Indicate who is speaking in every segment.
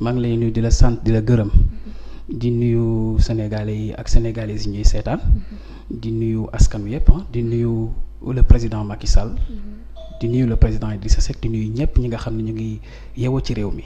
Speaker 1: maa ngi lay nuyu di la sant di la gërëm di nuyu sénégalais yi ak sénégalaises yi ñuy seetaan di nuyu askan wi yëpp di nuyu le président Macky Sall di nuyu le président Idrissa Seck di nuyu ñëpp ñi nga xam ne ñu ngi yeewoo ci réew mi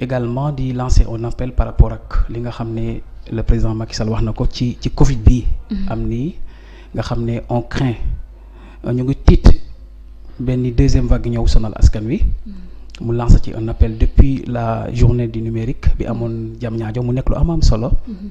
Speaker 1: également di lancer un appel par rapport ak li nga xam ne le président Macky Sall wax na ko ci ci Covid bi am ni nga xam ne on craint ñu ngi tiit benn deuxième vague ñëw sonal askan wi. mu lancé ci un appel depuis la journée du numérique bi amoon jam Diamniadio mu nekk lu am am solo. Mm-hmm.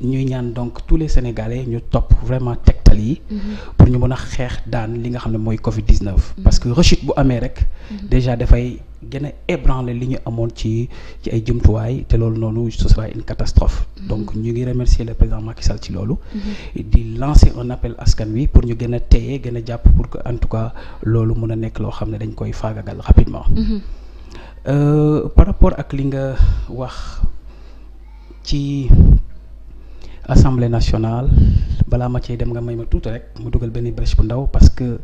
Speaker 1: ñuy ñaan donc tous les sénégalais ñu topp vraiment tegtal yi. Mm-hmm. pour ñu mën a xeex daan li nga xam ne mooy Covid 19. Mm-hmm. parce que rechute bu amee rek. Mhm. déjà dafay gën a ébranler li ñu amoon ci ci ay jumtuwaay te loolu noonu ce sera une catastrophe. Mhm. donc ñu ngi remercier le président Macky Sall ci loolu. Mhm. di lancer un appel askan wi pour ñu gën a téye gën a jàpp pour que en tout cas loolu mun a nekk loo xam ne dañ koy faagagal rapidement. Euh, par rapport ak li nga wax ci assemblée nationale balaa ma cee dem nga may ma tuuti rek mu dugal benn brèche bu ndaw parce que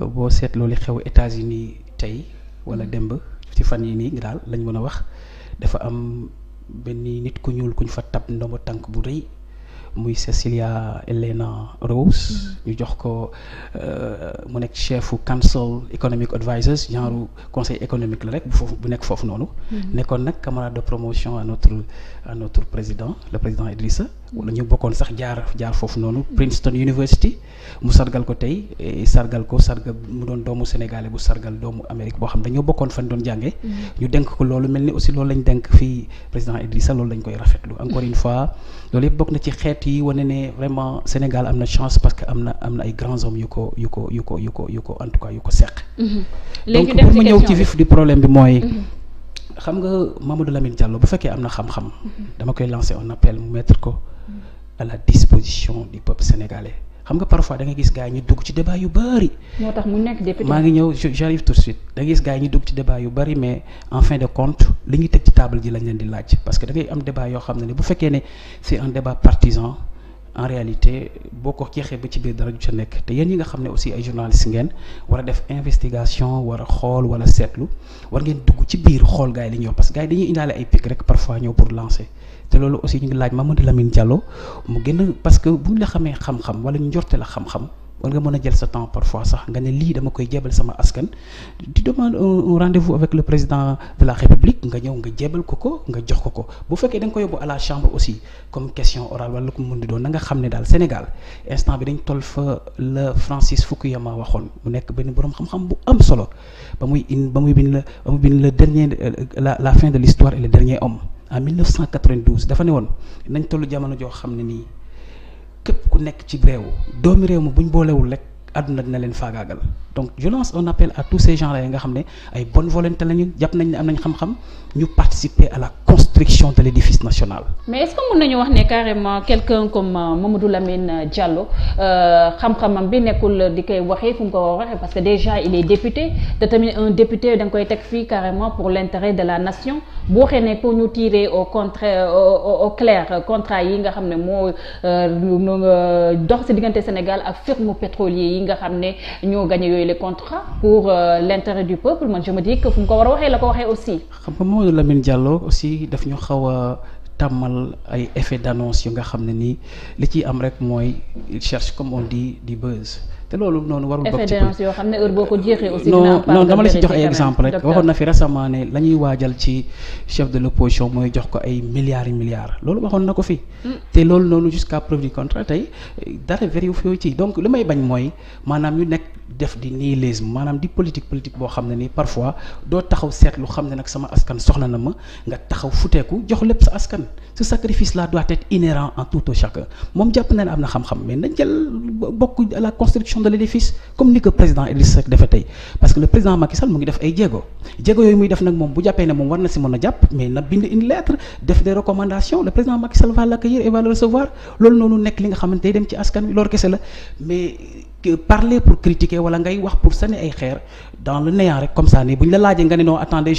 Speaker 1: euh, boo seetloo li xew États-Unis tey wala mm. démb ci fan yi nii daal lañ mën a wax dafa am benn nit ku ñuul kuñ fa tab ndomba tànk bu rëy muy Cecilia Elena Rose. Mm-hmm. ñu jox ko euh, mu nekk chefu council economic advisors genre conseil économique la rek bu bu nekk foofu noonu. Mm-hmm. nekkoon nag camarade de promotion à notre à président le président Idrissa. wala bokkoon sax jaar jaar foofu noonu. Mm-hmm. Princeton University mu sargal ko tey sargal ko sargal mu doon doomu sénégalais bu sargal doomu Amérique boo xam dañoo bokkoon fan doon jàngee. ñu denk ko loolu mel ni aussi loolu lañ denk fi président Idrissa loolu lañ koy yi wane ne vraiment Sénégal am na chance parce que am na am na ay grands hommes yu ko yu ko yu ko en tout cas yu ko seq. Mhm. donc pour ñëw ci vif du problème bi mooy. Mhm. xam nga Mamadou Lamine Diallo bu fekkee am na xam-xam. Mhm. dama koy lancer un appel mu mettre ko à la disposition du peuple sénégalais. xam nga parfois da nga gis gars yi ñu dugg ci débat yu bëri.
Speaker 2: moo tax nekk député maa ngi
Speaker 1: ñëw j'arrive tout suite da gis gars yi ñu dugg ci débat yu bëri mais en fin de compte li ñuy teg ci table ji lañ leen di laaj parce que dangay ngay am débat yoo xam ne bu fekkee ne c'est un débat partisan. en réalité boo ko jeexee ba ci biir dara ju ca nekk te yéen yi nga xam ne aussi ay journaliste ngeen war a def investigation war a xool wala seetlu war ngeen dugg ci biir xool gars yi li ñuy wax parce que gars yi dañuy indaale ay pic rek parfois ñëw pour lancer te loolu aussi ñu ngi laaj Mamadou Lamine Diallo mu gën a parce que bu ñu la xamee xam-xam wala ñu njorte la xam-xam war nga mën a jël sa temps parfois sax nga ne lii dama koy jebal sama askan di demande un rendez-vous avec le président de la république nga ñëw nga jebal ko ko nga jox ko ko bu fekkee da nga ko yóbbu à la chambre aussi comme question orale wala ko mën di doon na nga xam ne daal Sénégal instant bi dañ toll fa la Francis Fukuyama waxoon mu nekk benn boroom xam-xam bu am solo ba muy in ba muy bind la ba muy bind le dernier la la fin de l'histoire et le dernier homme en 1992 dafa ne woon nañ toll jamono joo xam ne nii képp ku nekk ci réew doomi réew mi bu boolewul rek àdduna dina leen faagaagal donc je lance un appel à tous ces gens là nga xam ne ay bonne volonté lañu jàpp nañ ne am nañ xam-xam ñu participer à construction de l'édifice national.
Speaker 2: mais est-ce que mën nañu wax ne carrément quelqu'un comme euh, Mamadou Lamine euh, Diallo euh, xam-xamam bi nekkul di koy waxee fu mu ko waxee parce que déjà il député te tamit un da nga koy teg fii carrément pour l'intérêt de la nation bu waxee ne pour ñu tirer au contraire au clair contrat yi nga xam ne moo dox ci diggante Sénégal ak firme pétrolier yi nga xam ne ñoo gagné yooyu les contrats pour l'intérêt du peuple man je ko war a waxee la ko waxee aussi.
Speaker 1: xam nga Mamadou Lamine Diallo aussi. bi daf ñu xaw a tàmmal ay effet d'annonce yu nga xam ne nii li ci am rek mooy il cherche comme on dit du buzz te loolu noonu warul bokk
Speaker 2: xam ne boo ko jeexee aussi non non dama la ci jox ay exemple rek
Speaker 1: waxoon waajal ci chef de l'opposition mooy jox ko ay milliards yi milliards loolu waxoon na ko fi mm. te loolu noonu jusqu'à preuve du contraire tey dara vérifié ci donc li may bañ mooy maanaam ñu nekk def di nihilisme maanaam di politique politique boo xam ne nii parfois doo taxaw seetlu xam ne nag sama askan soxla na ma nga taxaw futeeku jox lépp sa askan ce sacrifice là doit être inhérent en tout au chacun moom jàpp na ne am na xam-xam mais nañ jël bokk la construction gestion comme ni ko président Idrissa Seck defee tey parce que le président Macky mu ngi def ay jéego jéego yooyu muy def nag moom bu jàppee ne moom war na si mën a jàpp mais na bind une lettre def des recommandations le président Macky Sall va l'accueillir et recevoir loolu noonu nekk li nga xamante day dem ci askan wi loolu kese la mais parler pour critiquer wala ngay wax pour sànni ay xeer dans le néant rek comme ça nii bu ñu la laajee nga ne non attendez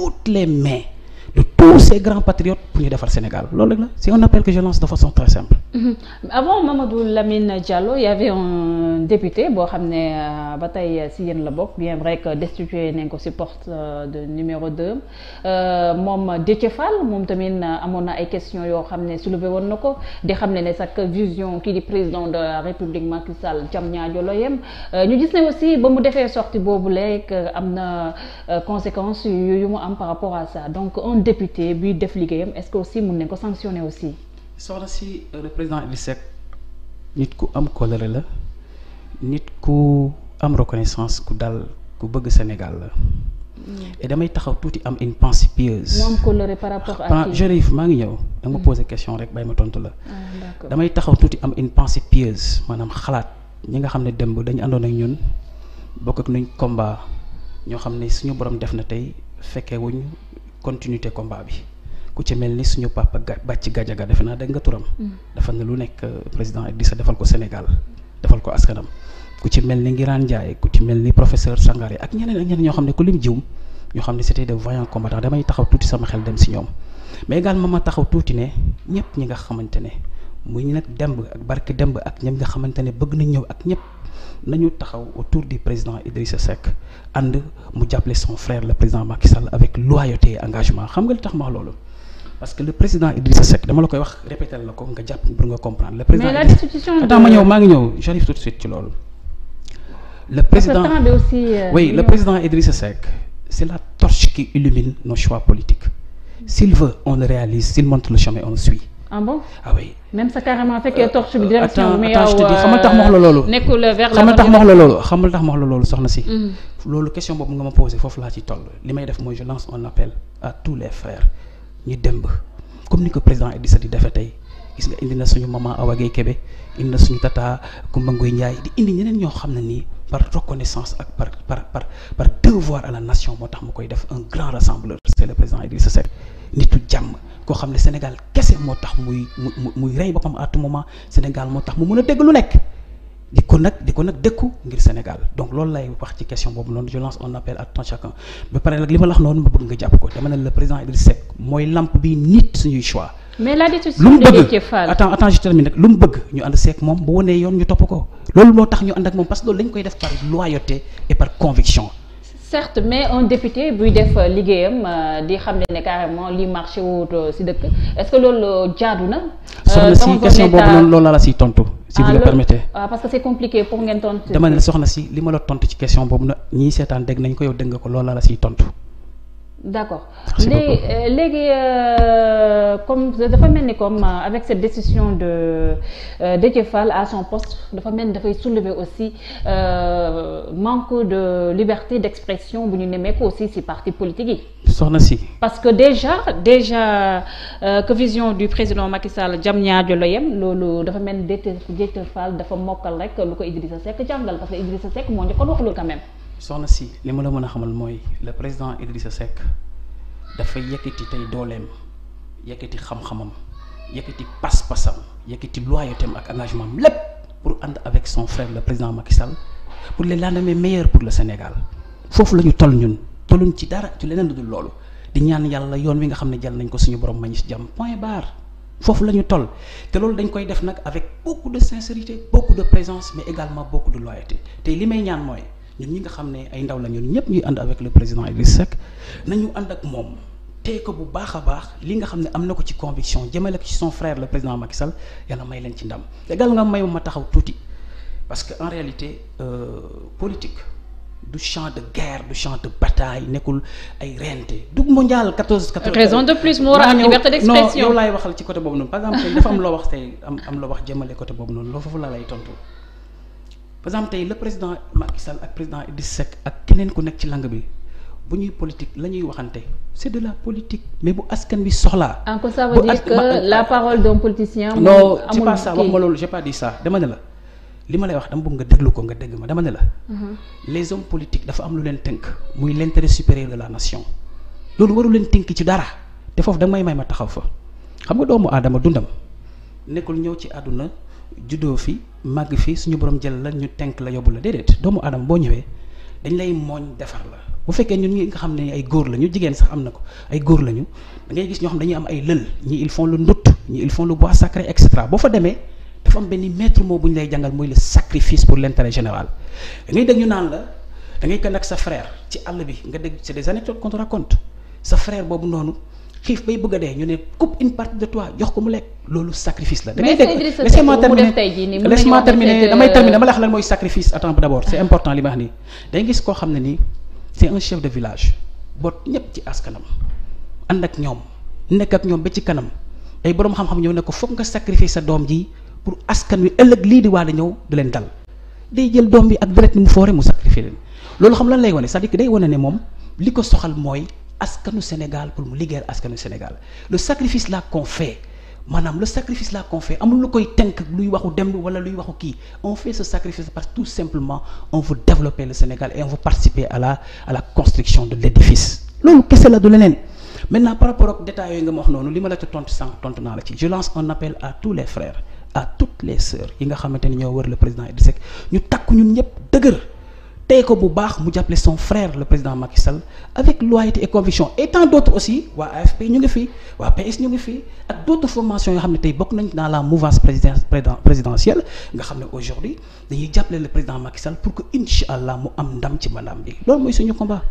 Speaker 1: toutes les mains tous ces grands patriotes pour ñu defar Sénégal loolu rek la c'est un appel que je de façon très simple.
Speaker 2: Mmh. Mamadou Lamine Diallo y avait un député boo xam ne euh, ba tey si yéen la bokk bien vrai que destitué nañ ko si porte euh, de numéro 2 euh, moom Déthié Fall moom tamit amoon na ay questions yoo xam ne soulevé woon na ko di xam ne ne sa vision kii di président de la République Macky Sall jam yem ñu gis ne aussi ba mu defee sortie boobu léegi am na conséquences yu député buy def liggéeyam est-ce que aussi mun nañ ko sanctionner aussi.
Speaker 1: soxna si euh, le président Idrissa nit ku am colère la nit ku am reconnaissance ku dal ku bëgg Sénégal la. Mm. et damay taxaw tuuti am une pensée pieuse. mu am
Speaker 2: colère maa
Speaker 1: ngi ñëw. da nga ma rek bàyyi ma tontu la. Ah, am une pensée pieuse maanaam xalaat ñi nga xam ne démb dañu àndoon ak ñun bokk ak nuñ combat ñoo xam ne suñu borom def na tey fekkee wuñu continuité combat bi ku ci mel ni suñu papa Bàcc Gajaga defe naa dégg nga turam. Mm. dafa ne lu nekk euh, président Idrissa defal ko Sénégal defal ko askanam ku ci mel ni Ngiraan Ndiaye ku ci mel ni professeur Sangaré ak ñeneen ak ñeneen ñoo xam ne ku lim jiwum ñoo xam ne c'était des voyants combattants damay taxaw tuuti sama xel dem si ñoom mais également ma taxaw tuuti ne ñëpp ñi nga xamante ne. muy nag demb ak barke demb ak ñoom nga xamante ne bëgg nañ ñëw ak ñëpp nañu taxaw autour du président Idrissa Seck ànd mu jàppale son frère le président Macky Sall avec loyauté engagement xam nga li tax ma wax loolu. parce que le président Idrissa Seck dama la koy wax répété la ko nga jàpp pour nga comprendre. le président mais la ngi ñëw j'arrive tout de loolu. le président parce
Speaker 2: que euh, le président
Speaker 1: Idrissa Seck c'est la torche qui illumine no choix politiques s'il veut on le réalise s'il on le
Speaker 2: ah bon ah oui. même sa euh, xamal tax mox la loolu. nekkul vers xamal tax mox la loolu
Speaker 1: xamal tax mox la loolu soxna si. Mm. loolu question boobu nga ma posé foofu laa ci toll li may def mooy je lance un appel à tous les frères ñu dem ba comme ni ko président Idrissa di defee tey. gis nga indi na suñu maman Awa Guèye Kébé indi na suñu tata Coumba Ngoye Ndiaye di indi ñeneen ñoo xam ne nii par reconnaissance ak par par par par devoir à la nation moo tax mu koy def un grand rassembleur c'est le président Idrissa Seck nitu jàmm koo xam ne Sénégal kese moo tax muy mu muy rey boppam à tout moment Sénégal moo tax mu mën a dégg lu nekk di ko nag di ko nag dëkku ngir Sénégal donc loolu lay wax ci question boobu noonu je lance appel à tout ma la wax noonu ma bëgg nga jàpp ko dama ne le président
Speaker 2: mais la décision de Déthié Fall
Speaker 1: lu mu bëgg attends attends je termine rek lu mu bëgg ñu ànd seeg moom bu wanee yoon ñu topp ko loolu moo tax ñu ànd ak moom parce que loolu lañ koy euh,
Speaker 2: di xam ne ne carrément li marché wut euh, dëkk est-ce na. Euh, soxna si question boobu noonu
Speaker 1: loolu la siy tontu. si ah, ah, si li ma la tontu ci question boobu nag ñii seetaan dégg nañ ko yow dégg nga ko loolu la siy tontu.
Speaker 2: d'accord euh, léegi euh, comme dafa mel ni comme euh, avec cette décision de Déthié Fall à son poste dafa mel ni dafay soulever aussi manque de liberté d'expression bu ñu nemee ko aussi ci parti politique yi. soxna si. parce que déjà déjà que vision du président Macky Sall jam ñaajo la yem loolu dafa mel ni Déthié Fall dafa mokkal rek lu ko Idrissa Seck jàngal parce que Idrissa Seck moo njëkkoon wax loolu quand
Speaker 1: soxna si li ma la mën a xamal mooy le président Idrissa Seck dafa yëkkati tey dooleem yëkkati xam-xamam yëkkati pas-pasam yëkkati loyautéem ak engagement lépp pour ànd avec son frère la président Macky Sall pour les lendemains meilleurs pour le Sénégal foofu la ñu toll ñun tolluñ ci dara ci leneen lu dul loolu di ñaan yàlla yoon wi nga xam ne jàll nañ ko suñu borom mañis jàmm point bar foofu la ñu toll te loolu dañ koy def nag avec beaucoup de sincérité beaucoup de présence mais également beaucoup de loyauté te li may ñaan mooy. ñun ñi nga xam ne ay ndaw la ñun ñëpp ñuy ànd avec le président Idriss Seck nañu ànd ak moom tey ko bu baax a baax li nga xam ne am na ko ci conviction jëmale ko ci son frère la président Macky Sall yàlla may leen ci ndam égal nga may ma taxaw tuuti parce que en réalité euh, politique du champ de guerre du champ de bataille nekkul ay rente du mondial 14. 14 raison waxal ci côté boobu noonu par exemple dafa am loo wax tey am am wax jëmale coté boobu noonu loo foofu la lay tontu. par exemple tey le président Macky Sall ak président Idrissa Seck ak keneen ku nekk ci langue bi bu ñuy politique la ñuy waxante c' est de la politique mais bu askan bi soxlaa.
Speaker 2: encore ça veut dire que la parole d'un politicien. non c'est pas ça wax nga loolu
Speaker 1: j'ai dama ne la li ma lay wax dama bëgg nga déglu ko nga dégg ma dama ne la. Mhm. les hommes politiques dafa am lu leen tënk muy l' intérêt supérieur de la nation loolu waru leen tënk ci dara te foofu da may may ma taxaw fa xam nga doomu aadama dundam nekkul ñëw ci àdduna. juddoo fi màgg fi suñu borom jël la ñu tenk la yóbbu la déedéet doomu aadama boo ñëwee dañ lay mooñ defar la bu fekkee ñun ñi nga xam ne ay góor lañu jigéen sax am na ko ay góor lañu da ngay gis ñoo xam dañuy am ay lël ñi ils font le ndut ñi ils font le bois sacré et boo fa demee dafa am benn maître mot bu ñu lay jangal mooy le sacrifice pour l'intérêt général da ngay dégg ñu naan la da ngay kenn ak sa frère ci àll bi nga dégg c'est des anecdotes qu'on te xiif bay bëgg a dee ñu ne coupe une partie de toi jox ko mu lekk loolu sacrifice la. da ngay dégg laissez-moi terminer laissez-moi terminer euh, damay terminer dama la wax lan mooy sacrifice attends d'abord c'est important li ma wax nii. day gis koo xam ne nii c'est un chef de village boot ñëpp ci askanam ànd ak ñoom nekk ak ñoom ba ci kanam ay boroom xam-xam ñëw ne ko foog nga sacrifier sa doom ji pour askan wi ëllëg lii di waa di ñëw di leen dal day jël doom bi ak deret ni mu foore mu sacrifier leen loolu xam lan lay wane c'est-à-dire que day wane ne moom li ko soxal mooy. askanu Sénégal pour mu liggéeyal askanu Sénégal le sacrifice là qu'on fait maanaam le sacrifice là qu'on fait amul lu koy tenk luy waxu dem wala luy waxu kii on fait ce sacrifice parce que tout simplement on veut développer le Sénégal et on veut participer à la à de l'édifice loolu kese la du leneen maintenant par rapport ak détails yooyu nga ma wax noonu li ma la ca tontu sànq tontu naa la ci je lance un appel à tous les frères à toutes les sœurs yi nga xamante ni ñoo wër le président Idrissa Seck ñu takku ñun ñëpp dëgër tey ko bu baax mu jàppale son frère le président Macky Sall avec loyauté et conviction et tant d'autres aussi waa AFP ñu ngi fi waa PS ñu ngi fi ak d'autres formations yoo xam ne tey bokk nañ dans la mouvance président présidentielle nga xam ne aujourd'hui dañuy jàppale le président Macky Sall pour que incha allah mu am ndam ci mandaam bi loolu mooy
Speaker 2: suñu combat.